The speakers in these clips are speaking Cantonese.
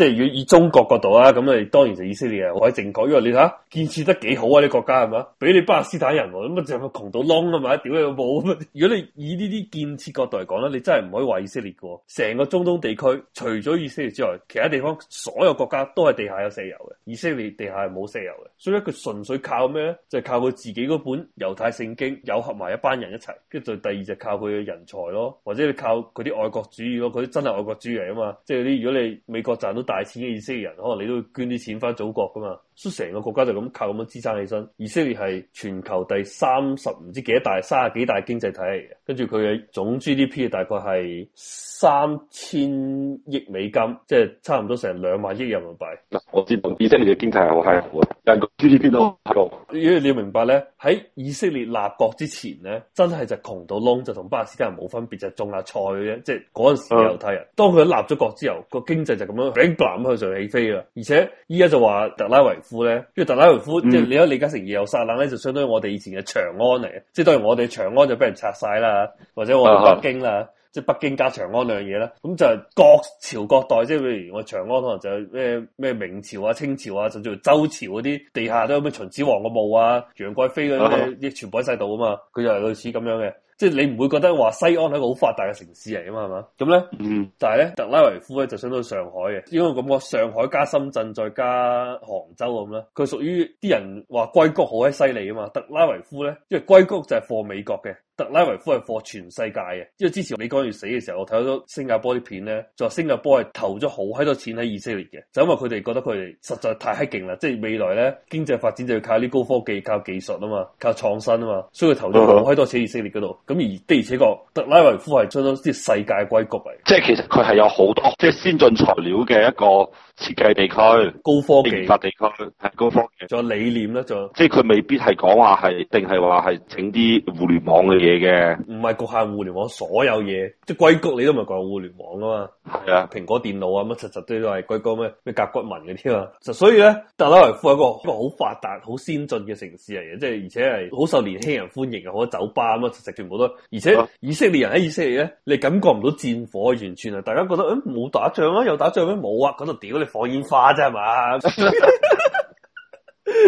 即係要以中國角度啊，咁你當然就以色列啊，我係政改，因為你睇下建設得幾好啊，啲國家係嘛，俾你巴勒斯坦人咁啊，就窮到燶啊嘛，屌你又冇。 如果你以呢啲建設角度嚟講咧，你真係唔可以話以色列嘅，成個中東地區除咗以色列之外，其他地方所有國家都係地下有石油嘅，以色列地下係冇石油嘅，所以咧佢純粹靠咩咧？就係、是、靠佢自己嗰本猶太聖經，有合埋一班人一齊，跟住就第二就靠佢嘅人才咯，或者你靠佢啲愛國主義咯，佢啲真係愛國主義嚟啊嘛，即係啲如果你美國賺到。大錢嘅以色列人，可能你都會捐啲錢翻祖國噶嘛，所以成個國家就咁靠咁樣支撐起身。以色列係全球第三十唔知幾大，三十幾大經濟體嚟嘅，跟住佢嘅總 GDP 大概係三千億美金，即係差唔多成兩萬億人民幣。嗱，我知道以色列嘅經濟係好係好，但係 GDP 都好高。因為你要明白咧，喺以色列立國之前咧，真係就窮到窿，就同巴基斯坦冇分別，就種下菜嘅啫。即係嗰陣時嘅猶太人。嗯、當佢立咗國之後，個經濟就咁樣。咁佢就起飛啦，而且依家就話特拉維夫咧，因為特拉維夫、嗯、即係你理解成耶路撒冷咧，就相當於我哋以前嘅長安嚟啊，即係當然我哋長安就俾人拆晒啦，或者我哋北京啦，啊、即係北京加長安兩嘢啦，咁就各朝各代，即係譬如我長安可能就咩咩明朝啊、清朝啊，甚至乎周朝嗰啲地下都有咩秦始皇個墓啊、楊貴妃嗰啲、啊、全部喺晒度啊嘛，佢就係類似咁樣嘅。即係你唔會覺得話西安係一個好發達嘅城市嚟㗎嘛，係嘛？咁咧，嗯、但係咧，特拉維夫咧就相當於上海嘅，因為咁個上海加深圳再加杭州咁啦，佢屬於啲人話「硅谷」好閪犀利啊嘛。特拉維夫咧，因為「硅谷」就係貨美國嘅，特拉維夫係貨全世界嘅。因為之前美國要死嘅時候，我睇到新加坡啲片咧，就話新加坡係投咗好閪多錢喺以色列嘅，就因為佢哋覺得佢哋實在太閪勁啦，即係未來咧經濟發展就要靠啲高科技、靠技術啊嘛、靠創新啊嘛，所以佢投咗好閪多錢喺以色列嗰度。咁而的而且確，特拉維夫係相咗啲世界矽谷嚟，即係其實佢係有好多即係先進材料嘅一個。設計地區、高科技地區係高科技，仲有理念咧，仲有即係佢未必係講話係，定係話係整啲互聯網嘅嘢嘅，唔係局限互聯網所有嘢，即係硅谷你都唔係硅谷互聯網噶嘛。係啊的，蘋果電腦啊乜，實實對都係硅谷咩咩甲骨文嗰啲嘛。就所以咧，特拉維夫係一個一個好發達、好先進嘅城市嚟嘅，即係而且係好受年輕人歡迎啊，好多酒吧啊嘛，實實全部都。而且、啊、以色列人喺以色列咧，你感覺唔到戰火，完全啊，大家覺得誒冇、欸、打仗啊，有打仗咩冇啊，噉就屌你。放煙花啫嘛，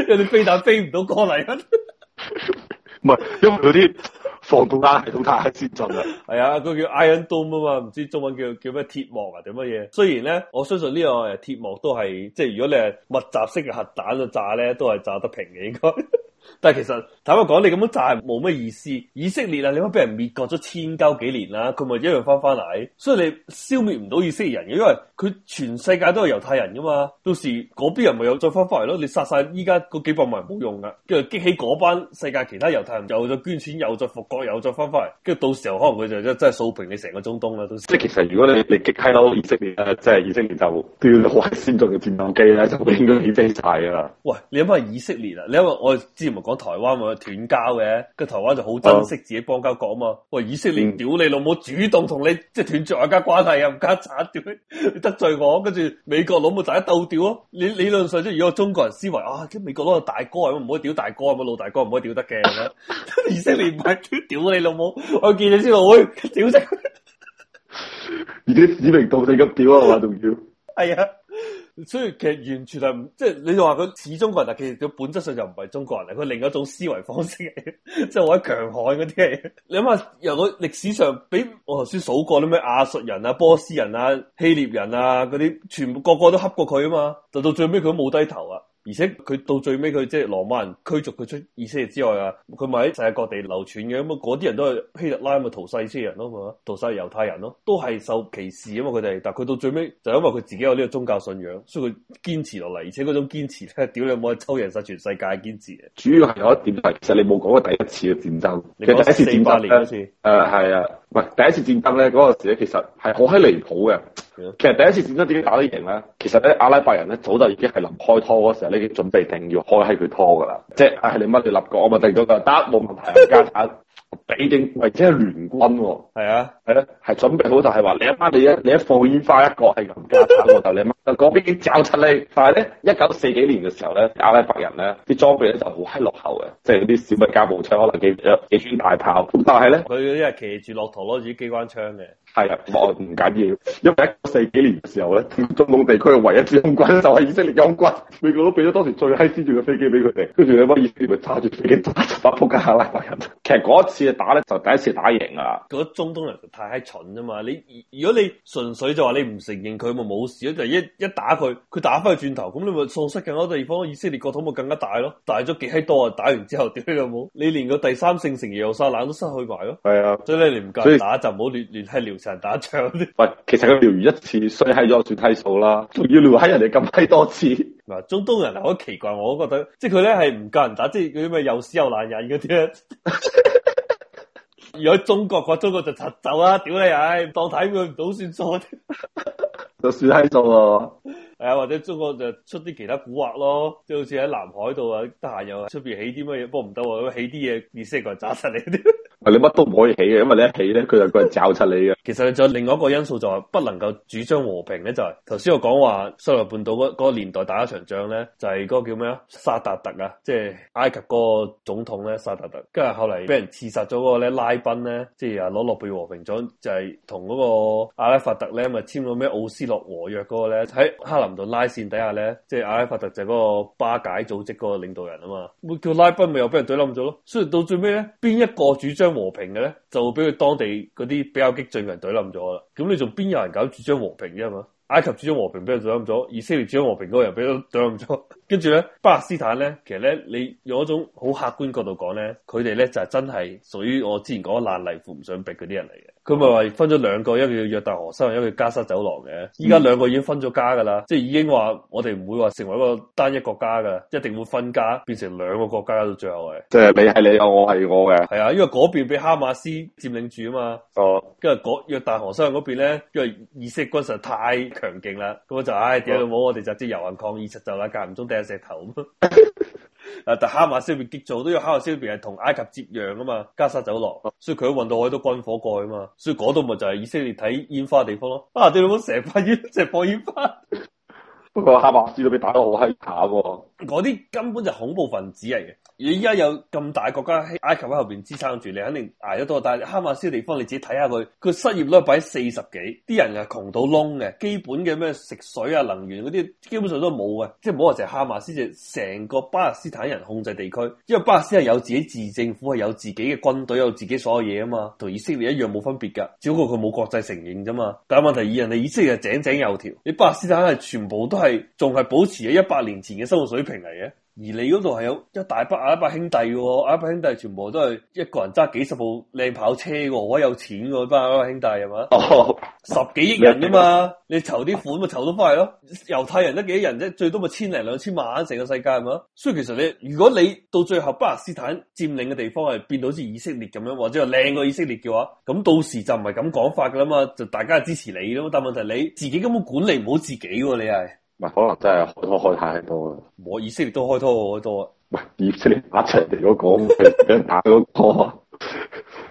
有啲飛彈飛唔到過嚟，唔係因為嗰啲防空彈系統太先進啦。係啊，佢叫 Iron Dome 啊嘛，唔知中文叫叫咩鐵幕啊定乜嘢？雖然咧，我相信呢個鐵幕都係即係，就是、如果你係密集式嘅核彈去炸咧，都係炸得平嘅應該。 但係其實坦白講，你咁樣就係冇咩意思。以色列啊，你可俾人滅國咗千交幾年啦，啊，佢咪一樣翻翻嚟？所以你消滅唔到以色列人嘅，因為佢全世界都係猶太人噶嘛。到時嗰邊人咪又再翻翻嚟咯。你殺晒依家嗰幾百萬人冇用噶，跟住激起嗰班世界其他猶太人又再捐錢，又再復國，又再翻翻嚟。跟住到時候可能佢就真真係掃平你成個中東啦。到時即係其實如果你你擊低咯以色列，啊，即係以色列就掉咗核先進嘅戰鬥機啦，就應該起飛晒啦。喂，你諗下以色列啊，你因為我唔係講台灣嘛斷交嘅，個台灣就好珍惜自己邦交國嘛。喂，oh. 以色列屌你老母，主動同你即係斷絕外交關係又唔產，點樣得罪我？跟住美國老母就一斗屌咯。理理論上即係如果中國人思維啊，跟美國佬係大哥啊，唔可以屌大哥啊，老大哥唔可以屌得嘅。 以色列唔係屌你老母，我見你先， 我會屌死。而且指名道姓咁屌啊嘛，仲要。哎呀。所以其實完全係唔即係你話佢似中國人，但其實佢本質上就唔係中國人嚟，佢另一種思維方式嚟，即係我喺強悍嗰啲嘢。 你諗下由佢歷史上俾我頭先數過啲咩亞述人啊、波斯人啊、希臘人啊嗰啲，全部個個都恰過佢啊嘛，就到最尾佢都冇低頭啊。而且佢到最尾，佢即係羅馬人驅逐佢出以色列之外啊！佢咪喺世界各地流傳嘅咁啊？嗰啲人都係希特拉咪屠殺這些人咯，嘛屠殺猶太人咯，都係受歧視啊嘛！佢哋，但係佢到最尾就是、因為佢自己有呢個宗教信仰，所以佢堅持落嚟，而且嗰種堅持咧，屌你有冇係抽人晒全世界堅持啊！主要係有一點就係，其實你冇講過第一次嘅戰爭，你講說 第一次戰爭先，誒係啊，唔係、uh, 第一次戰爭咧嗰、那個時咧，其實係好喺離譜嘅。其實第一次戰爭點樣打得贏咧？其實咧阿拉伯人咧早就已經係臨開拖嗰時候你已經，準備定要開喺佢拖噶啦，即係係、哎、你乜你立國，我咪定咗個得冇問題，家產比定或者聯軍喎。係啊，係咧，係準備好就係、是、話你媽你，你一你一放煙花一個係咁，家產就 你媽就嗰邊攪出嚟。但係咧，一九四幾年嘅時候咧，阿拉伯人咧啲裝備咧就好閪落後嘅，即係啲小米加步槍，可能幾幾尊大炮。但係咧，佢嗰啲係騎住駱駝攞住機關槍嘅。係啊，冇唔緊要，因為四幾年嘅時候咧，中東地區唯一支空軍就係以色列空軍，美國都俾咗當時最閪先進嘅飛機俾佢哋，跟住咧幫以色列揸住飛機打就阿拉伯人。其實嗰一次嘅打咧，就第一次打贏啊。嗰中東人太閪蠢啫嘛！你如果你純粹就話你唔承認佢，咪冇事咯。但係一一打佢，佢打翻去轉頭，咁你咪喪失更多地方，以色列國土咪更加大咯。大咗幾閪多啊！打完之後點樣冇？你連個第三聖城耶路撒冷都失去埋咯。係啊的，所以咧你唔夠打就唔好亂亂係聊。成日打仗啲，喂，其實佢撩完一次，衰喺咗算低數啦。仲要撩喺人哋咁低多次，嗱，中東人好奇怪，我覺得，即係佢咧係唔夠人打，即係佢啲咩又屎又懶人嗰啲。如果 中國，個中國就拆走啦，啊，屌你唉，當睇佢唔到算數， 就算低數咯。係啊，或者中國就出啲其他古惑咯，即係好似喺南海度啊，得閒又出邊起啲乜嘢，幫唔到啊，起啲嘢，以色列炸實你。你乜都唔可以起嘅，因為你一起咧，佢就佢就找出你嘅。其實你仲有另外一個因素就係不能夠主張和平咧，就係頭先我講話西奈半島嗰嗰個年代打一場仗咧，就係嗰個叫咩啊？薩達特啊，即係埃及嗰個總統咧，薩達特特。跟住後嚟，俾人刺殺咗嗰個咧，拉賓咧，即係啊攞諾貝爾和平獎就係同嗰個阿拉法特咧，咪簽咗咩奧斯洛和約嗰個咧？喺克林頓拉線底下咧，即係阿拉法特就係嗰個巴解組織嗰個領導人啊嘛。叫拉賓咪又俾人懟冧咗咯。雖然到最尾咧，邊一個主張？和平嘅咧，就俾佢當地嗰啲比較激進嘅人隊冧咗啦。咁你仲邊有人搞主張和平啫嘛？埃及主張和平俾人隊冧咗，以色列主張和平嗰個又俾佢隊冧咗。跟住咧，巴勒斯坦咧，其實咧，你用一種好客觀角度講咧，佢哋咧就係、是、真係屬於我之前講爛泥扶唔上壁嗰啲人嚟嘅。佢咪話分咗兩個，一個叫約旦河西，一個叫加沙走廊嘅。依家兩個已經分咗家噶啦，嗯、即係已經話我哋唔會話成為一個單一國家噶，一定會分家，變成兩個國家到最後嘅。即係你係你，我係我嘅。係啊，因為嗰邊俾哈馬斯佔領住啊嘛。哦，跟住約旦河西嗰邊咧，因為以色列軍實太強勁啦，咁就唉屌你老母，哎、我哋就即係遊行抗議就啦，間唔中掟石頭 誒、啊，但哈馬斯邊激造，都有哈馬斯邊係同埃及接壤啊嘛，加沙走廊，所以佢都運到好多軍火過去啊嘛，所以嗰度咪就係以色列睇煙花嘅地方咯，啊，對唔住，成塊煙，成波煙花。 不過哈馬斯都俾打到好閪慘噶，嗰啲根本就恐怖分子嚟嘅。而家有咁大國家喺埃及喺後邊支撐住，你肯定挨得多。但係哈馬斯地方你自己睇下佢，佢失業率擺喺四十幾，啲人係窮到窿嘅，基本嘅咩食水啊、能源嗰啲，基本上都冇嘅。即係唔好話成哈馬斯，就成個巴勒斯坦人控制地區，因為巴勒斯坦係有自己自政府，係有自己嘅軍隊，有自己所有嘢啊嘛，同以色列一樣冇分別噶，只不過佢冇國際承認咋嘛。但係問題以人哋以色列係井井有條，你巴勒斯坦係全部都係。係仲係保持喺一百年前嘅生活水平嚟嘅，而你嗰度係有一大班阿拉伯兄弟、哦，阿拉伯兄弟全部都係一個人揸幾十部靚跑車、哦，個好有錢個班阿拉伯兄弟係 嘛？哦麼，十幾億人噶嘛，你籌啲款咪籌得快咯。猶太人得幾多人啫？最多咪千零兩千萬成、啊、個世界係嘛？所以其實你如果你到最後巴勒斯坦佔領嘅地方係變到好似以色列咁樣，或者話靚過以色列嘅話，咁到時就唔係咁講法噶啦嘛，就大家支持你咯。但問題你自己根本管理唔好自己，你係。可能真係開開太多啦，我以色列都開多好多，唔係以色列打齊地都講打咗多，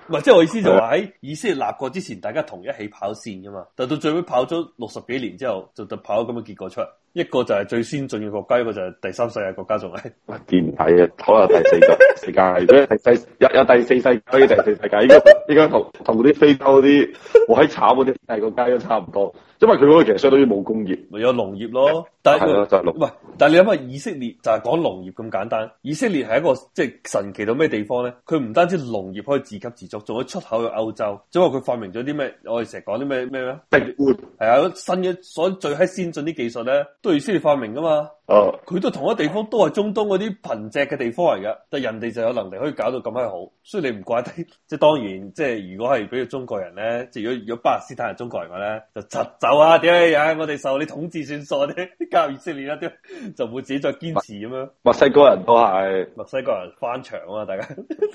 唔係即係我意思就話喺以色列立國之前，大家同一起跑線噶嘛，但到最尾跑咗六十幾年之後，就就跑咗咁嘅結果出嚟，一個就係最先進嘅國家，一個就係第三世界國家仲係，唔 見唔睇嘅，可能第四個世界，所 第有有第四世，所以第四世界依家同同啲非洲嗰啲，我喺炒嗰啲，係個街都差唔多，因為佢嗰個其實相當於冇工業，咪有農業咯。係 咯樂， 就係、是、農。唔但係你諗下，以色列就係講農業咁簡單。以色列係一個即係神奇到咩地方咧？佢唔單止農業可以自給自足，仲可以出口去歐洲。只不過佢發明咗啲咩？我哋成日講啲咩咩咩？滴灌係啊，新嘅所以最喺先進啲技術咧，都係以色列發明噶嘛。佢、哦、都同一地方，都係中東嗰啲貧瘠嘅地方嚟噶，但係人哋就有能力可以搞到咁樣好，所以你唔怪得，即係當然，即係如果係畀個中國人咧，即係如果如果巴勒斯坦係中國人嘅咧，就柒走啊，點解呀？我哋受你統治算數啲教入以色列一啲就會自己再堅持咁樣。墨西哥人都係，墨西哥人翻牆啊，大家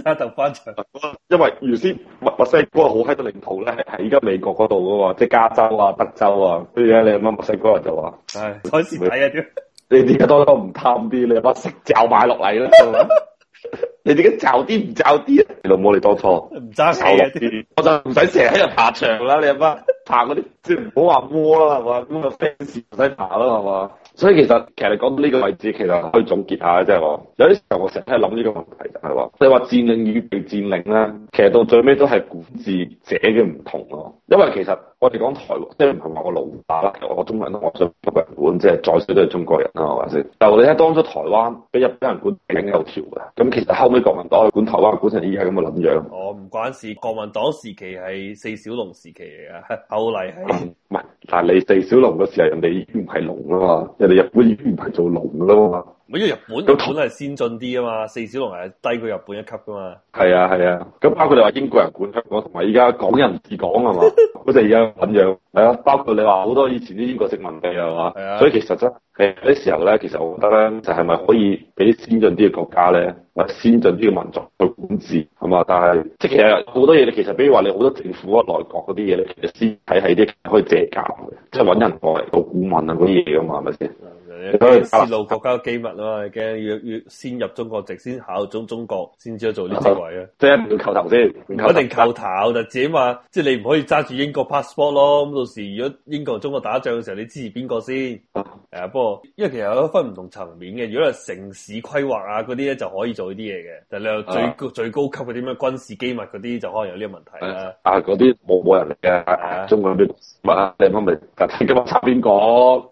大家都翻牆、啊。因為原先墨墨西哥好喺度領土咧，喺而家美國嗰度噶嘛，即係加州啊、德州啊，跟住咧你乜墨西哥人就話唉，睇屍體一啲。 你而家當初唔貪啲，你阿媽識罩買落嚟啦。你點解罩啲唔罩啲啊？老母你當初唔揸手。啊，我就唔使成日喺度爬牆啦。你阿媽爬嗰啲即係唔好話窩啦，係嘛咁啊 fans 唔使爬咯，係嘛。所以其實其實你講到呢個位置，其實可以總結下，即係我有啲時候我成日喺度諗呢個問題，係話你話佔領與被佔領啦，其實到最尾都係管治者嘅唔同咯。因為其實。我哋講台灣，即係唔係話個老大啦，其實我，中，文都我國都中國人都我想入日本，即係再少都係中國人啦，係咪先？但我哋睇當初台灣俾日本人管，勁有條嘅。咁其實後尾國民黨去管台灣，管成依家咁嘅樣，樣。我唔、哦、關事，國民黨時期係四小龍時期嚟㗎，後嚟係。唔係、嗯，但係你四小龍嘅時候人哋已經唔係龍啊嘛，人哋日本已經唔係做龍啦嘛。唔係因為日本，日本係先進啲啊嘛，四小龍係低過日本一級噶嘛。係啊係啊，咁包括你話英國人管香港，同埋依家港人治港係嘛？佢哋而家咁樣係啊，包括你話好、 啊、多以前啲英國殖民地係嘛？係啊。所以其實真係有啲時候咧，其實我覺得咧，就係咪可以俾先進啲嘅國家咧，或者先進啲嘅民族去管治係嘛？但係即係其實好多嘢，你其實比如話你好多政府啊內閣嗰啲嘢咧，其實先睇係啲可以借鑑即係揾人過嚟做顧問啊嗰啲嘢㗎嘛，係咪先？泄露國家機密啊嘛，驚要要先入中國籍，先考中中國先，先至先做呢啲職位啊。即係一定要叩頭先，一定叩頭就但 自己話，即、就、係、是、你唔可以揸住英國 passport 咯。咁到時如果英國同中國打仗嘅時候，你支持邊個先？誒、啊，不過因為其實有分唔同層面嘅。如果係城市規劃啊嗰啲咧，就可以做呢啲嘢嘅。但你又最高最高級嗰啲咩軍事機密嗰啲，就可能有呢個問題啊，嗰啲冇冇人嚟啊！中國啲乜啊？你媽咪今物插邊個？